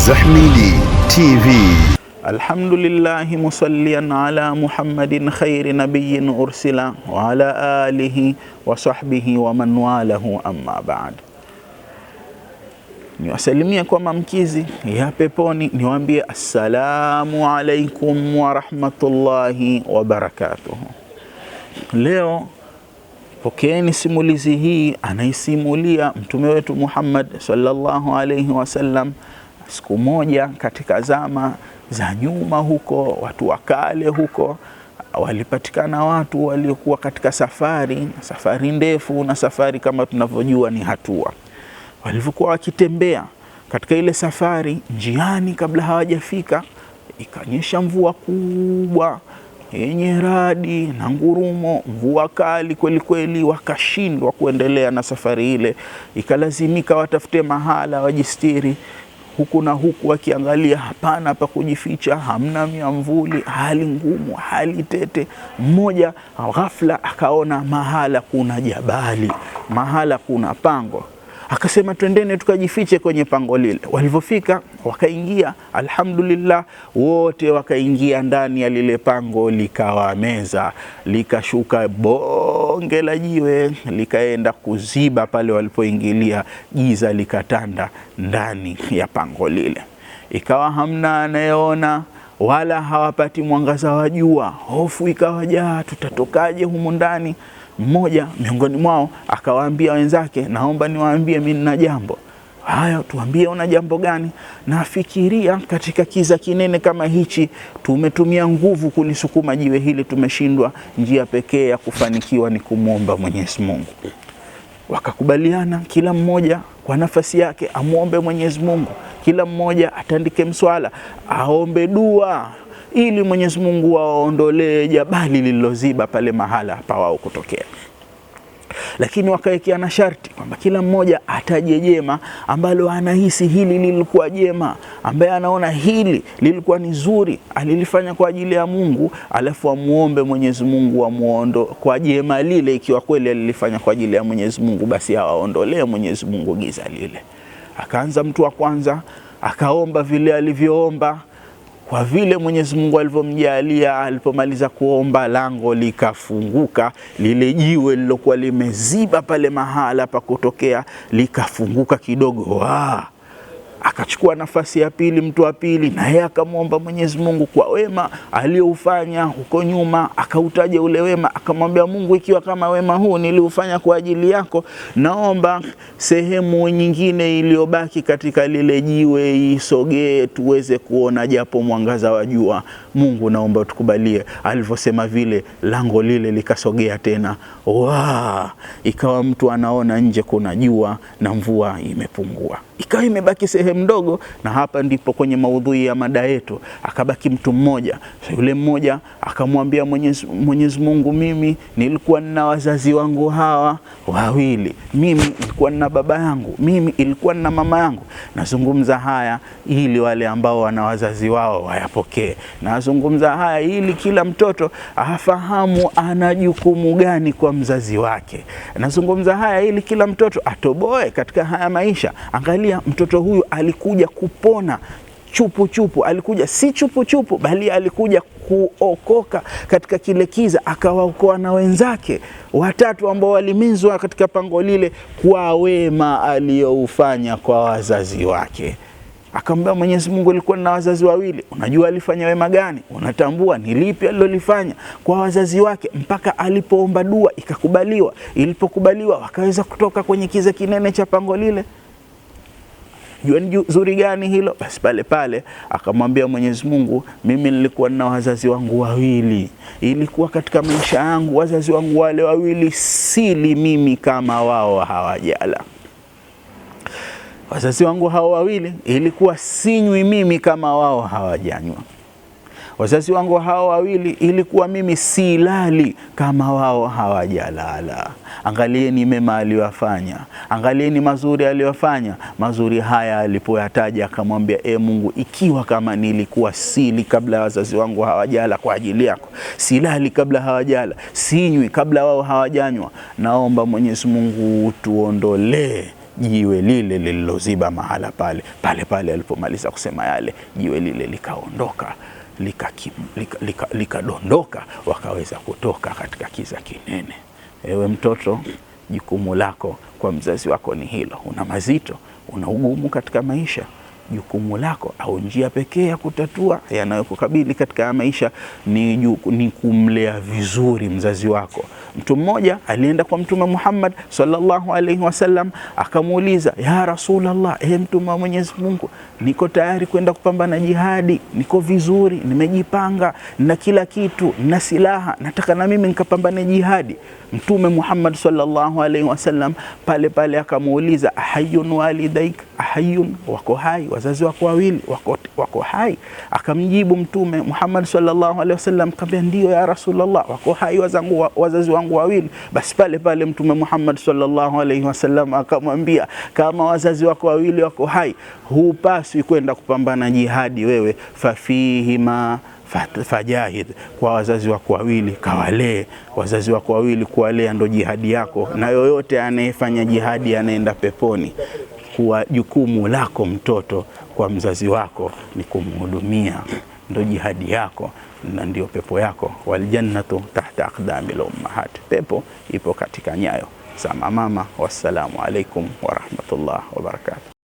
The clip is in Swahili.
Zahmidi TV. Alhamdulillahi musallian ala Muhammadin khairi nabiyin ursila wa ala alihi wa sahbihi wa man walahu amma ba'd. Niwasalimie kwa mamkizi ya peponi, niwaambie assalamu alaikum wa rahmatullahi wa barakatuh. Leo pokeeni simulizi hii, anaisimulia mtume wetu Muhammad sallallahu alaihi wasallam Siku moja katika zama za nyuma huko, watu wa kale huko, walipatikana watu waliokuwa katika safari, safari ndefu, na safari kama tunavyojua ni hatua. Walivyokuwa wakitembea katika ile safari, njiani, kabla hawajafika, ikanyesha mvua kubwa yenye radi na ngurumo, mvua kali kweli kweli. Wakashindwa kuendelea na safari ile, ikalazimika watafute mahala wajistiri huku na huku, akiangalia hapana pa kujificha, hamna miamvuli, hali ngumu, hali tete. Mmoja ghafla akaona mahala kuna jabali, mahala kuna pango Akasema twendene tukajifiche kwenye pango lile. Walivyofika wakaingia, alhamdulillah, wote wakaingia ndani ya lile pango, likawameza likashuka bonge la jiwe likaenda kuziba pale walipoingilia, giza likatanda ndani ya pango lile, ikawa hamna anayeona wala hawapati mwangaza wa jua. Hofu ikawajaa, tutatokaje humu ndani? mmoja miongoni mwao akawaambia wenzake, naomba niwaambie mi nina jambo. Haya, tuambie una jambo gani? Nafikiria katika kiza kinene kama hichi, tumetumia nguvu kulisukuma jiwe hili, tumeshindwa. Njia pekee ya kufanikiwa ni kumwomba Mwenyezi Mungu. Wakakubaliana kila mmoja kwa nafasi yake amwombe Mwenyezi Mungu, kila mmoja atandike mswala, aombe dua ili Mwenyezi Mungu waondolee jabali lililoziba pale mahala pa wao kutokea lakini na sharti kwamba kila mmoja ataje jema ambalo anahisi hili lilikuwa jema, ambaye anaona hili lilikuwa ni zuri, alilifanya kwa ajili ya Mungu, alafu amuombe Mwenyezi Mungu amuondo kwa jema lile. Ikiwa kweli alilifanya kwa ajili ya Mwenyezi Mungu, basi awaondolee Mwenyezi Mungu giza lile. Akaanza mtu wa kwanza, akaomba vile alivyoomba kwa vile Mwenyezi Mungu alivyomjalia, alipomaliza kuomba lango likafunguka, lile jiwe lilokuwa limeziba pale mahala pa kutokea likafunguka kidogo. Wow akachukua nafasi ya pili, mtu wa pili, naye akamwomba Mwenyezi Mungu kwa wema aliyoufanya huko nyuma, akautaja ule wema, akamwambia Mungu, ikiwa kama wema huu niliufanya kwa ajili yako, naomba sehemu nyingine iliyobaki katika lile jiwe isogee tuweze kuona japo mwangaza wa jua. Mungu, naomba tukubalie. Alivyosema vile, lango lile likasogea tena, wa ikawa mtu anaona nje kuna jua na mvua imepungua, ikawa imebaki sehemu sehemu ndogo, na hapa ndipo kwenye maudhui ya mada yetu. Akabaki mtu mmoja. So yule mmoja akamwambia Mwenyezi, Mwenyezi Mungu, mimi nilikuwa nina wazazi wangu hawa wawili, mimi nilikuwa nina baba yangu, mimi ilikuwa nina mama yangu. Nazungumza haya ili wale ambao wana wazazi wao wayapokee. Nazungumza haya ili kila mtoto afahamu ana jukumu gani kwa mzazi wake. Nazungumza haya ili kila mtoto atoboe katika haya maisha. Angalia mtoto huyu alikuja kupona chupu chupu, alikuja si chupu chupu, bali alikuja kuokoka katika kile kiza, akawaokoa na wenzake watatu ambao walimizwa katika pango lile, kwa wema aliyoufanya kwa wazazi wake. Akamwambia Mwenyezi Mungu, alikuwa na wazazi wawili, unajua alifanya wema gani? Unatambua ni lipi alilolifanya kwa wazazi wake, mpaka alipoomba dua ikakubaliwa. Ilipokubaliwa wakaweza kutoka kwenye kiza kinene cha pango lile jua ni zuri gani hilo? Basi pale pale akamwambia Mwenyezi Mungu, mimi nilikuwa na wazazi wangu wawili, ilikuwa katika maisha yangu wazazi wangu wale wawili sili mimi kama wao hawajala wazazi wangu hao wawili ilikuwa sinywi mimi kama wao hawajanywa wazazi wangu hawa wawili, ilikuwa mimi silali kama wao hawajalala. Angalieni mema aliyofanya, angalieni mazuri aliyofanya. Mazuri haya alipoyataja akamwambia, e Mungu, ikiwa kama nilikuwa sili kabla ya wazazi wangu hawajala kwa ajili yako, silali kabla hawajala, sinywi kabla wao hawajanywa, naomba Mwenyezi Mungu tuondolee jiwe lile lililoziba mahala pale. Pale pale alipomaliza kusema yale, jiwe lile likaondoka likadondoka lika, lika, lika wakaweza kutoka katika kiza kinene. Ewe mtoto, jukumu lako kwa mzazi wako ni hilo. Una mazito, una ugumu katika maisha jukumu lako au njia pekee ya kutatua yanayokukabili katika maisha ni, ni kumlea vizuri mzazi wako. Mtu mmoja alienda kwa Mtume Muhammad sallallahu alaihi wasallam akamuuliza, ya Rasulullah, e Mtume wa Mwenyezi Mungu, niko tayari kwenda kupambana jihadi, niko vizuri, nimejipanga na kila kitu na silaha, nataka na mimi nikapambane jihadi. Mtume Muhammad sallallahu alaihi wasallam pale pale akamuuliza, ahayun walidaik, ahayun, wako hai wazazi wako wawili wako, wako hai? Akamjibu Mtume Muhammad sallallahu alaihi wasallam, kaambia ndio ya Rasulullah, wako hai wazangu, wazazi wangu wawili. Basi pale pale Mtume Muhammad sallallahu alaihi wasallam akamwambia, kama wazazi wako wawili wako hai, hupaswi kwenda kupambana jihadi wewe, fafihima fajahid kwa wazazi wako wawili kawalee. Wazazi wako wawili kuwalea ndo jihadi yako, na yoyote anayefanya jihadi anaenda peponi kuwa jukumu lako mtoto kwa mzazi wako ni kumhudumia, ndo jihadi yako na ndio pepo yako. Waljannatu tahta aqdami lummahat, pepo ipo katika nyayo za mama. Wassalamu alaikum warahmatullahi wabarakatuh.